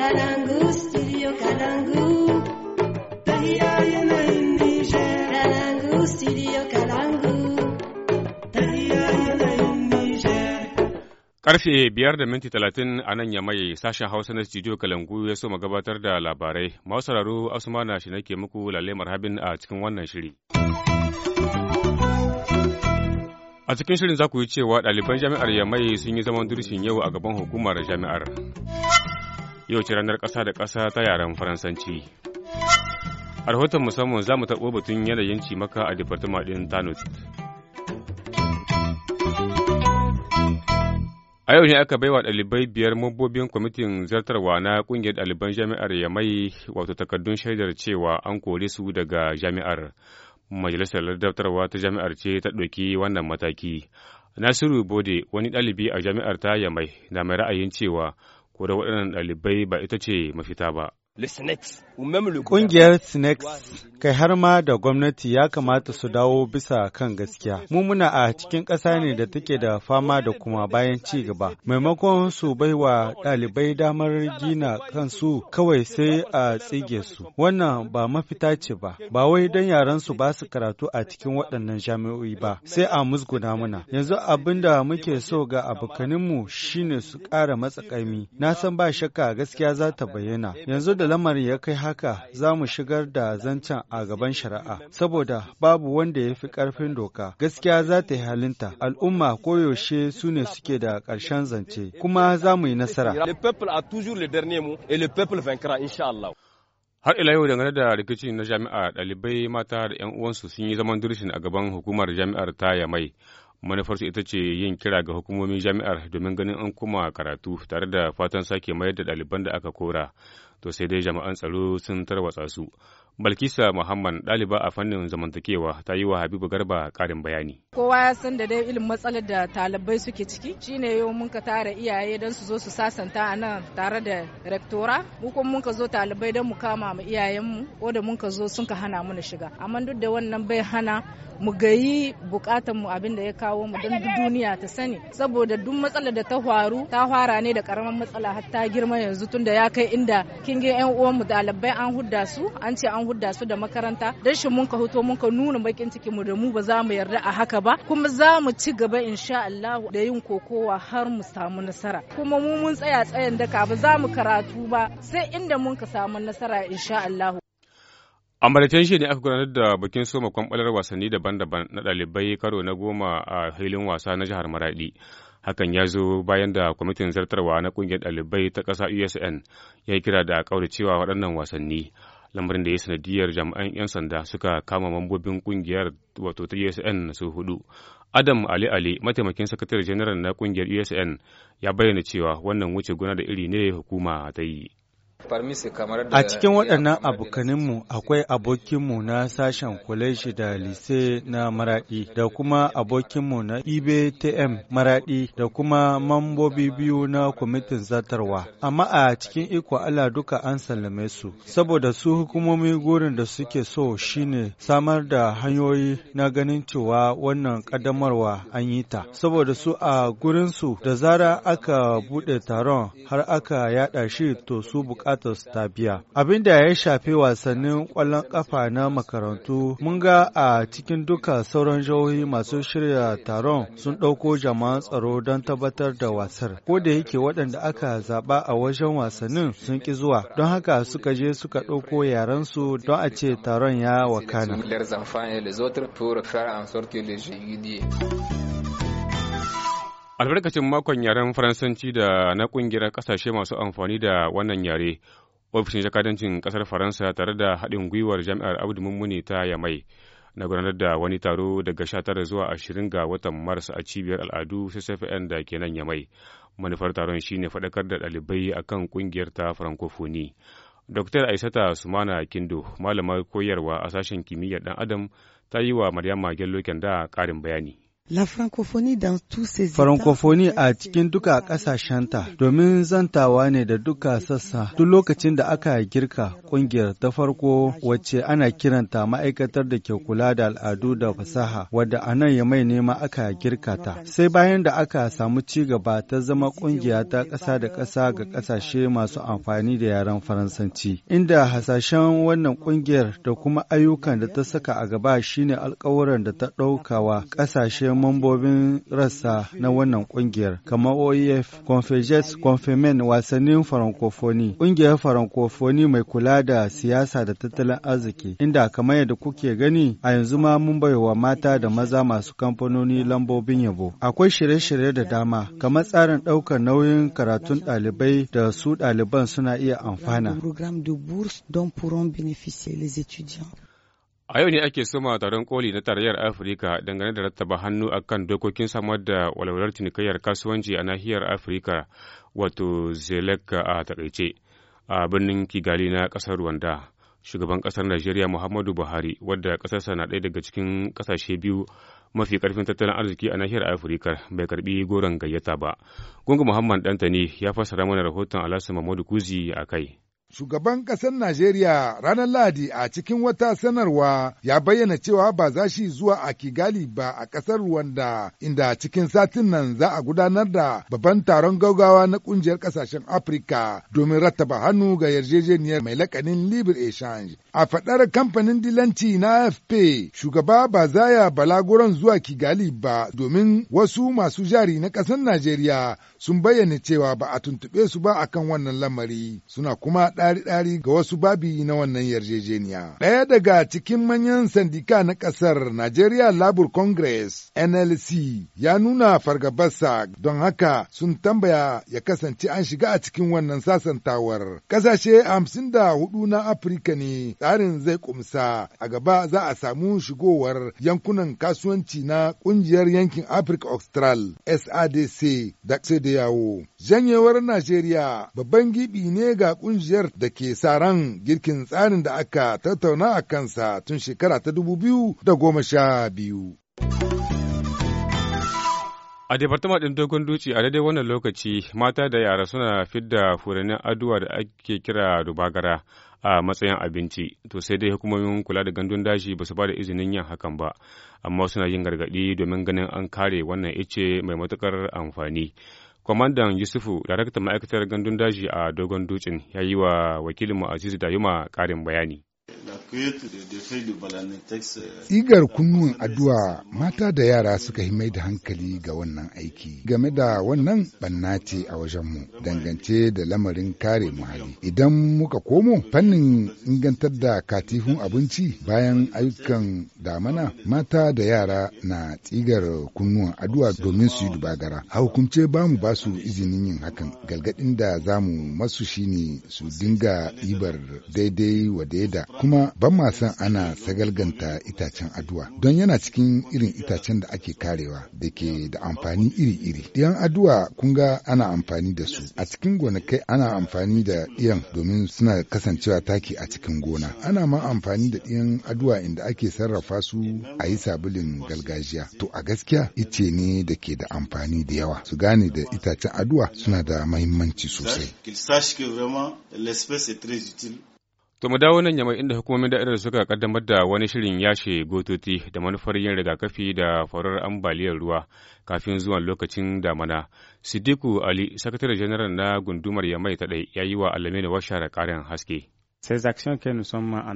Kalangu, studio Kalangu. Kalangu, studio Kalangu. Karfe biyar da minti talatin a nan ya maye sashen Hausa na studio Kalangu ya so gabatar da labarai. Mausararo Asumana shi nake muku lalle marhabin a cikin wannan shiri. A cikin shirin za ku yi cewa ɗaliban jami'ar Yamai sun yi zaman durshin yau a gaban hukumar jami'ar. yau ce ranar ƙasa da ƙasa ta yaren faransanci a rahoton musamman za mu taɓo batun yanayin cimaka a departama ɗin tanut a yau ne aka bai wa ɗalibai biyar mambobin kwamitin zartarwa na ƙungiyar ɗaliban jami'ar ya mai wato takardun shaidar cewa an kori su daga jami'ar majalisar ladabtarwa ta jami'ar ce ta ɗauki wannan mataki nasiru bode wani ɗalibi a jami'ar ta yamai na mai ra'ayin cewa ko da waɗannan ɗalibai ba ita ce mafita ba. Ƙungiyar Sinex kai har ma da gwamnati ya kamata su dawo bisa kan gaskiya. Mu muna a cikin ƙasa ne da take da fama da kuma bayan ci gaba. Maimakon su wa ɗalibai damar gina kansu kawai sai a tsige su. Wannan ba mafita ce ba, ba wai don yaran su ba su karatu a cikin waɗannan jami'o'i ba, sai a musguna muna. Yanzu abin da muke so ga abokaninmu shine su ƙara matsakaimi. Na san ba shakka gaskiya za ta bayyana. Yanzu da lamarin ya kai haka za mu shigar da zancen a gaban shari'a, saboda babu wanda ya fi karfin doka. Gaskiya za ta yi halinta, al'umma koyaushe su ne suke da ƙarshen zance, kuma za mu yi nasara. Har ila yau dangane da rikicin na jami'a ɗalibai mata da 'yan uwansu sun yi zaman dirshin a gaban hukumar jami'ar ta Yamai. manufarsu ita ce yin kira ga hukumomin jami'ar domin ganin an kuma karatu tare da fatan sake mayar da ɗaliban da aka kora to sai dai jama'an tsaro sun tarwatsa su Balkisa Muhammad ɗaliba a fannin zamantakewa ta yi wa Habibu Garba ƙarin bayani. Kowa ya san da dai irin matsalar da talibai suke ciki shine yau mun ka tara iyaye don su zo su sasanta a nan tare da rektora mu mun ka zo talibai don mu kama mu iyayenmu ko da mun ka zo sun ka hana mu shiga amma duk da wannan bai hana mu gayi bukatan mu abin da ya kawo mu don duniya ta sani saboda duk matsalar da ta faru ta fara ne da karamin matsala har ta girma yanzu tunda ya kai inda kin ga yan uwanmu mu an hudda su an ce an hudda su da makaranta dan shi mun ka hoto mun ka nuna bakin ciki mu da mu ba za mu yarda a haka ba kuma za mu ci gaba insha Allah da yin kokowa har mu samu nasara kuma mu mun tsaya tsayin daka ba za mu karatu ba sai inda mun ka samu nasara insha Allah a shi ne aka gudanar da bikin soma kwamɓalar wasanni daban-daban na ɗalibai karo na goma a filin wasa na jihar maradi hakan ya zo bayan da kwamitin zartarwa na ƙungiyar ɗalibai ta ƙasa usn ya kira da cewa waɗannan wasanni lamarin da ya sanadiyar jami'an 'yan sanda suka kama mambobin kungiyar wato ta usn e su hudu adam ali ali mataimakin sakatare janar na kungiyar usn e ya bayyana cewa wannan wuce gona da iri ne hukuma ta yi A cikin waɗannan abokaninmu akwai abokinmu na sashen kwaleji da lise na maraɗi da kuma abokinmu na ibtm maraɗi da kuma mambobi biyu na kwamitin zatarwa Amma a cikin iko Allah duka an sallame su, saboda su hukumomi gurin da suke so shine samar da hanyoyi na ganin cewa wannan ƙaddamarwa an yi ta. Saboda su a gurinsu da zara aka buɗe taron har aka yaɗa shi to su buƙatar buƙatar ta biya. Abin da ya shafi wasannin ƙwallon kafa na makarantu, mun ga a cikin duka sauran jihohi masu shirya taron sun ɗauko jama'an tsaro don tabbatar da wasar. Ko da yake waɗanda aka zaɓa a wajen wasannin sun ƙi zuwa, don haka suka je suka ɗauko yarensu don a ce taron ya wakana. albarkacin makon yaren faransanci da na kungiyar kasashe masu amfani da wannan yare ofishin jakadancin kasar faransa tare da haɗin gwiwar jami'ar abdu mummuni ta yamai na gudanar da wani taro daga 19 zuwa ashirin ga watan Mars a cibiyar al'adu ccfn da ke nan yamai manufar taron shine faɗakar da ɗalibai akan kungiyar ta francophonie Dr. Aisata Sumana Kindo, malamar koyarwa a sashen kimiyyar ɗan Adam, ta yi wa Maryam Magen da ƙarin bayani. La francophonie dans tous ces Francophonie a cikin duka ƙasashenta domin zantawa ne da duka sassa duk lokacin da aka girka ƙungiyar ta farko wacce ana kiranta ma'aikatar da ke kula da al'adu da fasaha wadda a nan ya mai nema aka girka ta. Sai bayan da aka samu ci gaba ta zama ƙungiya ta ƙasa da ƙasa ga ƙasashe masu amfani da yaren Faransanci. Inda hasashen wannan ƙungiyar da kuma ayyukan da ta saka a gaba shine alƙawuran da ta ɗaukawa ƙasashen mambobin rassa na wannan ƙungiyar kamar OEF, Confejes, Confemen, wasannin farankofoni, ƙungiyar farankofoni mai kula da siyasa da tattalin arziki, inda kamar yadda kuke gani a yanzu ma mun baiwa mata da maza masu kamfanoni lambobin yabo. Akwai shirye-shirye da dama, kamar tsarin ɗaukar nauyin karatun ɗalibai da su ɗaliban suna iya amfana. A yau ne ake soma taron koli na tarayyar Afirka dangane da rattaba hannu a kan dokokin samar da walwalar cinikayyar kasuwanci a nahiyar Afirka wato zelek a takaice a birnin Kigali na ƙasar Rwanda. Shugaban ƙasar Najeriya Muhammadu Buhari wadda ƙasarsa na ɗaya daga cikin ƙasashe biyu mafi ƙarfin tattalin arziki a nahiyar Afirka bai karbi goron gayyata ba. Gungun Muhammad Dantani ya fassara mana rahoton Alhassan Mahmudu Kuzi a kai. Shugaban ƙasar Najeriya ranar Lahadi a cikin wata sanarwa ya bayyana cewa ba za shi zuwa a Kigali ba a ƙasar Rwanda inda cikin satin nan za a gudanar da babban taron gaugawa na ƙungiyar ƙasashen Afirka domin rattaba hannu ga yarjejeniyar mai lakanin Libre Exchange. A faɗar kamfanin dilanci na AFP, shugaba ba za ya balaguran zuwa Kigali ba domin wasu masu jari na ƙasar Najeriya sun bayyana cewa ba a tuntuɓe su ba akan wannan lamari suna kuma ɗari-ɗari ga wasu babi na wannan yarjejeniya. Ɗaya daga cikin manyan sandika na ƙasar Nigeria Labour Congress NLC ya nuna fargabarsa don haka sun tambaya ya kasance an shiga a cikin wannan sasantawar. Ƙasashe hamsin da hudu na Afirka ne tsarin zai kumsa a gaba za a samu shigowar yankunan kasuwanci na ƙungiyar yankin Afirka Austral SADC da yawo. Janyewar Najeriya babban gibi ne ga ƙungiyar da ke sa ran girkin tsarin da aka tattauna a kansa tun shekara ta dubu biyu da goma sha biyu. A Departama ɗin Dogon Duci a daidai wannan lokaci mata da yara suna fidda furanin aduwa da ake kira rubagara a matsayin abinci, to sai dai hukumomin kula da gandun daji ba su ba da izinin yin hakan ba, amma suna yin gargaɗi domin ganin an kare wannan ice mai matuƙar amfani. kwamandan yusufu daraktan ma'aikatar gandun daji a dogon dutsen ya yi wa wakilinmu azizu dayuma karin bayani Euh, Igar kunnuwan addu'a mata da yara suka yi mai da hankali ga wannan aiki. Game da wannan banna ce a wajenmu dangance da lamarin kare muhalli. Idan muka komo fannin ingantar da katihun abinci bayan ayyukan damana mata da yara na tsigar kunnuwan addu'a domin su yi dubagara. A hukunce ba mu ba su izinin yin hakan. Galgadin da za mu masu shine su dinga ibar daidai wa daida kuma ban ma san ana sagalganta itacen aduwa don yana cikin irin itacen da ake karewa da ke da amfani iri-iri. Ɗiyan aduwa kun ga ana amfani da su a cikin gonakai ana amfani da ɗiyan domin suna kasancewa taki a cikin gona. Ana ma amfani da ɗiyan aduwa inda ake sarrafa su a yi sabulin gargajiya. To a gaskiya ice ne da ke da amfani da yawa su gane da itacen aduwa suna da mahimmanci sosai. To mu dawo nan yamai inda hukumomin da'irar suka kaddamar da wani shirin yashe gototi da manufar yin rigakafi da farar ambaliyar ruwa kafin zuwa lokacin damana. Sidiku Ali, sakatare janaral na gundumar yamai ta ɗai, ya yi wa Alamina Washara ƙarin haske.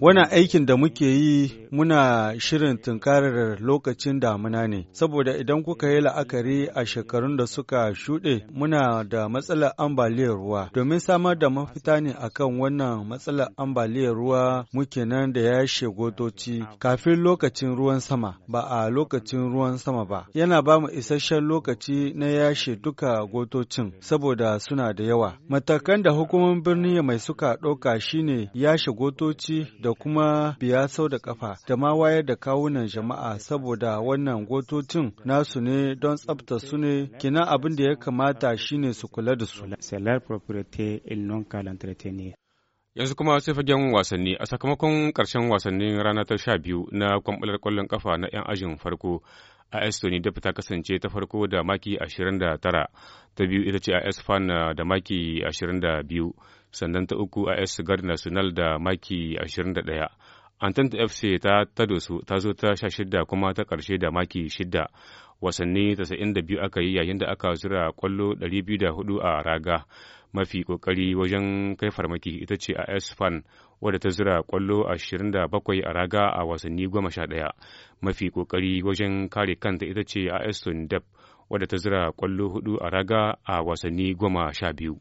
Wani aikin da muke yi muna shirin tunkarar lokacin damuna ne, saboda idan kuka yi la'akari a shekarun da suka shuɗe muna da matsalar ambaliyar ruwa. Domin samar da mafita ne akan wannan matsalar ambaliyar ruwa muke nan da ya gotoci kafin lokacin ruwan sama ba a lokacin ruwan sama ba. Yana ba mu isasshen lokaci na yashe duka gotocin saboda suna da yawa. Matakan da hukumomin birni mai suka ɗauka shine yashe gotoci da kuma biya sau da kafa da ma wayar da kawunan jama'a saboda wannan gotocin nasu ne don tsabta su ne kina abin da ya kamata shine su kula da su. Yanzu kuma sai fagen wasanni a sakamakon ƙarshen wasannin rana ta sha biyu na kwamɓalar kwallon kafa na 'yan ajin farko. a Estoni da ta kasance ta farko da maki 29, ta biyu ita ce a esfan da maki 22. sannan ta uku AS Guard National da maki 21. Antanta FC ta tadosu ta zo ta sha shidda kuma ta ƙarshe da maki shidda. Wasanni 92 aka yi yayin da aka zura ƙwallo 204 a raga. Mafi ƙoƙari wajen kai farmaki ita ce AS Fan wadda ta zura ƙwallo 27 a raga a wasanni 11. Mafi ƙoƙari wajen kare kanta ita ce AS Tundep wadda ta zura ƙwallo 4 a raga a wasanni 12.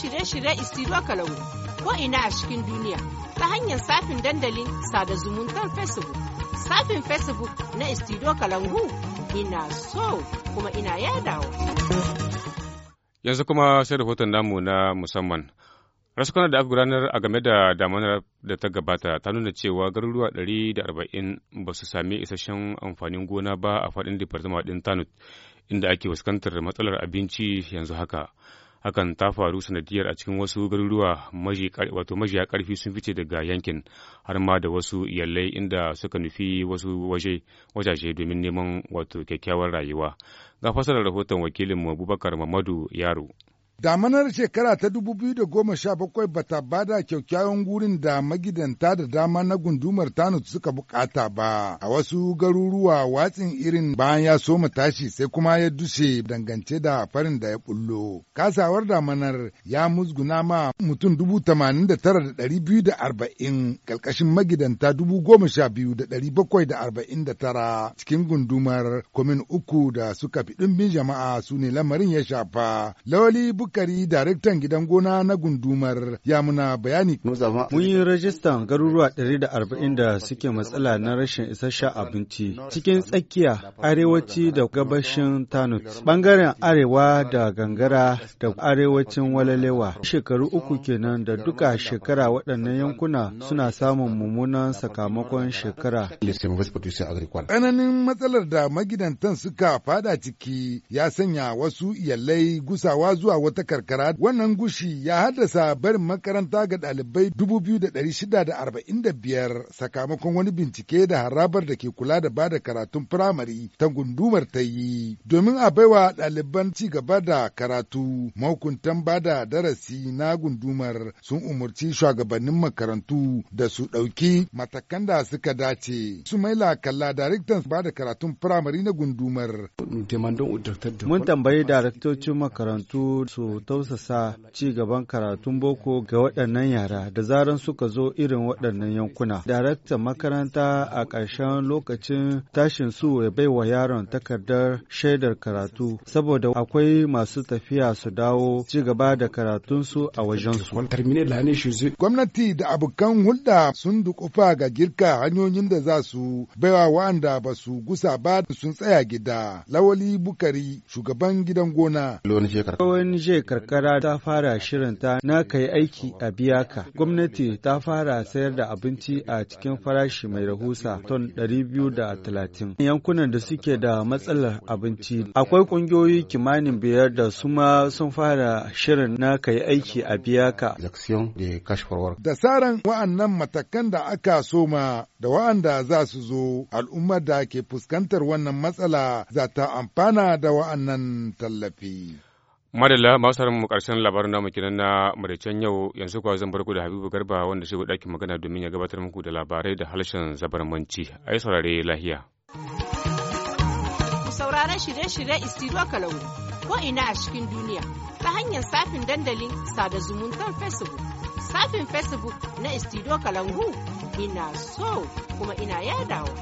shirye-shirye isiro kalangu ko ina a cikin duniya ta hanyar safin dandalin sada zumuntar facebook safin facebook na isiro kalangu ina so kuma ina yadawa yanzu kuma sai rahoton namu na musamman raskunan da aka gudanar a game da damanar da ta gabata ta nuna cewa garuruwa 140 ba su sami isasshen amfanin gona ba a faɗin departama ɗin tanut inda ake fuskantar matsalar abinci yanzu haka hakan ta faru sanadiyar a cikin wasu garuruwa wato majiya karfi sun fice daga yankin har ma da wasu iyalai inda suka nufi wasu wajaje domin neman wato kyakkyawar rayuwa ga fasarar rahoton wakilin abubakar mamadu yaro Damanar shekara ta 2017 ba ta bada kyakkyawan gurin da magidanta da dama na gundumar Tanut suka bukata ba, a wasu garuruwa watsin irin bayan ya soma tashi sai kuma ya dushe dangance da farin da ya bullo. Kasawar damanar ya musguna ma mutum 89,240 kalkashin magidanta 12,749 cikin gundumar komin uku da suka fi ɗimbin jama'a su ne lamarin ya shafa. Lawali Bukari daraktan gidan gona na gundumar ya bayani. Mun yi rajistan garuruwa 140 da da suke matsala na rashin isasshen abinci cikin tsakiya arewaci da gabashin Tanut. Bangaren arewa da gangara da arewacin walalewa shekaru uku kenan da duka shekara waɗannan yankuna suna samun mummunan sakamakon shekara. Tsananin matsalar da magidantan suka fada ciki ya sanya wasu iyalai gusawa zuwa wata ta karkara wannan gushi ya haddasa barin makaranta ga ɗalibai 2,645 sakamakon wani bincike da harabar da ke kula da bada karatun firamare ta gundumar ta yi domin a baiwa ɗaliban ci gaba da karatu mahukuntan bada darasi na gundumar sun umarci shugabannin makarantu da su ɗauki matakan da suka dace sumaila kalla daraktan bada karatun firamare na gundumar mun tambayi daraktocin makarantu su tausasa ci gaban karatun boko ga waɗannan yara da zaran suka zo irin waɗannan yankuna. Daraktan makaranta a ƙarshen lokacin tashin su ya bai wa yaron takardar shaidar karatu saboda akwai masu tafiya su dawo ci gaba da karatunsu a wajensu. Gwamnati da abokan hulɗa sun dukufa ga girka hanyoyin da za su baiwa wa'anda ba su gusa ba sun tsaya gida. Lawali Bukari, shugaban gidan gona. ce karkara ta fara shirinta na kai aiki a biyaka. Gwamnati ta fara sayar da abinci a cikin farashi mai rahusa ton 230. Yankunan da suke da matsalar abinci. Akwai kungiyoyi kimanin biyar da suma sun fara shirin na kai aiki a biyaka. Da tsarin wa'annan matakan da aka soma da wa'anda za su zo al'ummar da ke fuskantar wannan matsala za ta amfana da wa'annan tallafi. madalla masu harin mu karshen labarin namu kinan na maraicen yau yanzu kuwa zan barku da habibu garba wanda shi ɗakin magana domin ya gabatar muku da labarai da halshen zabarmanci a yi saurare lahiya sauraron shirye-shirye istiro kalangu ko ina a cikin duniya ta hanyar safin dandalin sada zumuntar facebook safin facebook na istiro kalangu ina so kuma ina yadawa